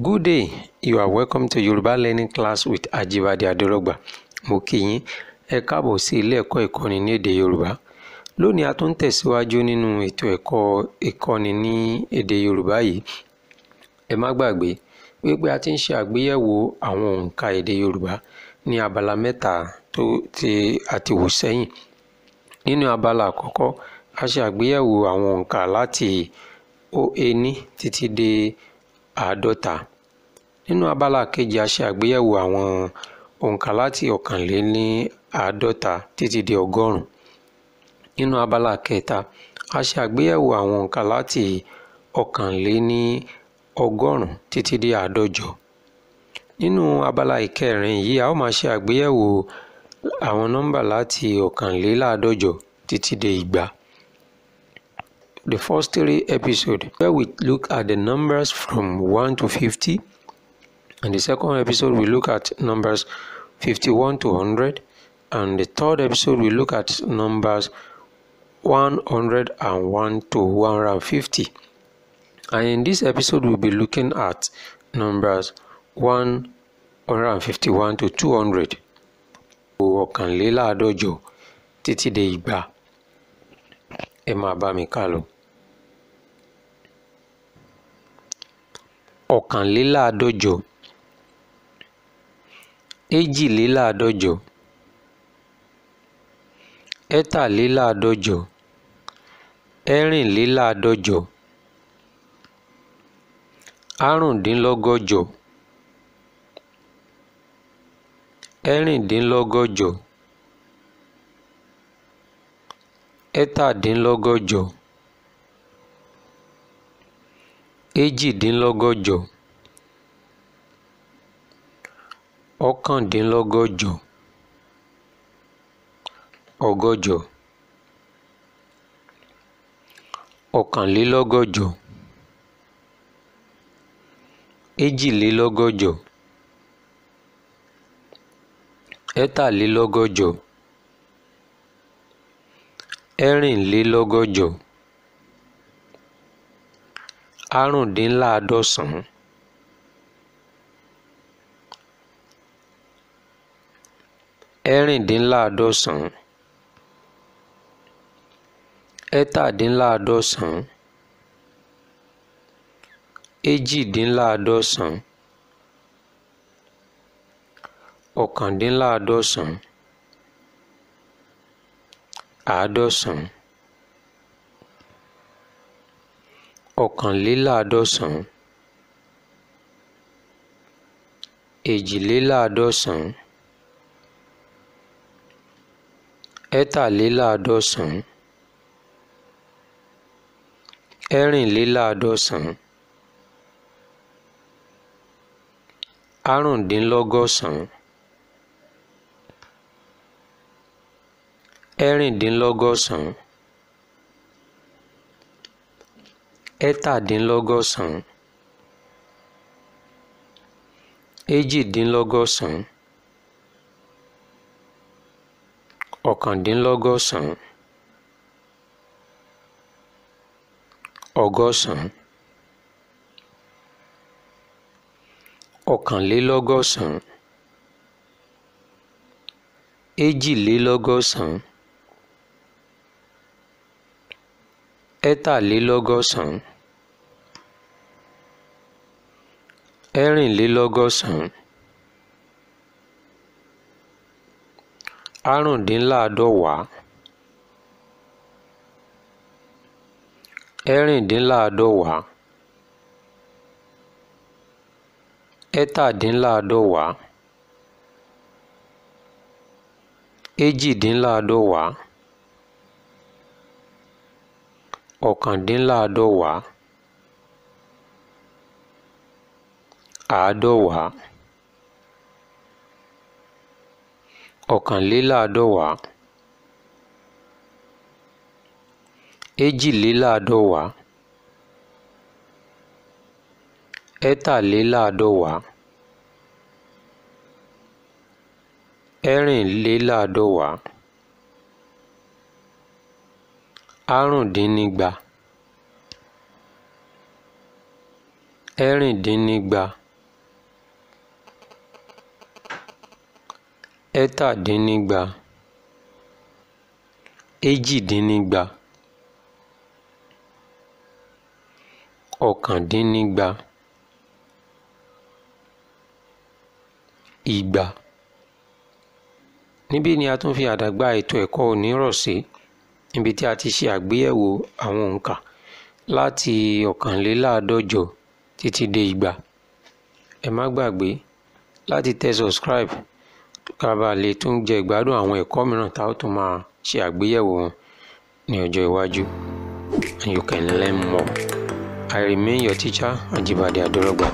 Good day, you are welcome to Yoruba Learning Class with Ajibade Adelogba. Mo kí yín, ẹ káàbọ̀ sí ilé ẹ̀kọ́ ìkọ́ni ní èdè Yorùbá. Lónìí a tún tẹ̀síwájú nínú ètò ẹ̀kọ́ ìkọ́ni ní èdè Yorùbá yìí. Ẹ má gbàgbé wípé a ti ń ṣe àgbéyẹ̀wò àwọn òǹkà èdè Yorùbá ní abala mẹ́ta tó ti àti wò sẹ́yìn. Nínú abala àkọ́kọ́, a ṣe àgbéyẹ̀wò àwọn òǹkà láti oóení títí dé àádọ́ta nínú abala kejì a ṣe àgbéyẹ̀wò àwọn òǹkà láti ọ̀kànléníàádọ́ta títí dé ọgọ́rùn-ún nínú abala kẹta a ṣe àgbéyẹ̀wò àwọn òǹkà láti ọ̀kànléníọgọ́rùn-ún títí dé àádọ́jọ nínú abala ìkẹrin yìí a ó máa ṣe àgbéyẹ̀wò àwọn nọ́mbà láti ọ̀kànléláàádọ́jọ títí dé igba the first three episodes where we look at the numbers from 1 to 50. And the second episode, we look at numbers 51 to 100. And the third episode, we look at numbers 101 to 150. And in this episode, we'll be looking at numbers 151 to 200. ọ̀kànléláàádọ́jọ títí dé igba ẹ máa bá mi kálọ. ọ̀kànléláàádọ́jọ èjìléláàádọ́jọ ẹ̀tàléláàádọ́jọ ẹ̀rìnléláàádọ́jọ àrùndínlọ́gọ́jọ ẹ̀rìndínlọ́gọ́jọ ẹ̀tàdínlọ́gọ́jọ. èjìdínlọ́gọ́jọ ọ̀kándínlọ́gọ́jọ ọgọ́jọ ọ̀kànlélọ́gọ́jọ èjìlélọ́gọ́jọ ẹ̀tàlélọ́gọ́jọ ẹ̀rìnlélọ́gọ́jọ. àrùndínláàádọ́sàn-án ẹ̀rìndínláàádọ́sàn-án ẹ̀tàdínláàádọ́sàn-án èjìdínláàádọ́sàn-án ọ̀kàndínláàádọ́sàn-án àádọ́sàn-án. ọ̀kànléláàádọ́sàn-án èjìléláàádọ́sàn-án ẹ̀tàléláàádọ́sàn-án ẹ̀rìnléláàádọ́sàn-án àrùndínlọ́gọ́sàn-án ẹ̀rìndínlọ́gọ́sàn-án. ẹ́tàdínlọ́gọ́sàn-án èjìdínlọ́gọ́sàn-án ọ̀kàndínlọ́gọ́sàn-án ọgọ́sàn-án ọ̀kànlélọ́gọ́sàn-án èjìlélọ́gọ́sàn-án ẹ́tàlélọ́gọ́sàn-án. ẹ̀rìnlélọ́gọ́sàn-án àrùndínláàádọ́wàá ẹ̀rìndínláàádọ́wàá ẹ̀tàdínláàádọ́wàá èjìdínláàádọ́wàá ọ̀kàndínláàádọ́wàá. àádọ́wàá ọ̀kànléláàádọ́wàá èjìléláàádọ́wàá ẹ̀tàléláàádọ́wàá ẹ̀rìnléláàádọ́wàá àrúndínnígba ẹ̀rìndínnígba. ẹ́tàdínnígba èjìdínnígba ọ̀kàndínnígba igba. níbí ni a tún fi àdàgbà ètò ẹ̀kọ́ òní rọ̀ sí níbi tí a ti ṣe àgbéyẹ̀wò àwọn òǹkà láti ọ̀kànléláàádọ́jọ títí dé igba. ẹ má gbàgbé láti tẹ subscribe ká lè tún jẹ ìgbádùn àwọn ẹ̀kọ́ mìíràn tá ó tún máa ṣe àgbéyẹ̀wò ní ọjọ́ iwájú and you can learn more. I remain your teacher Ajibade Adorogba.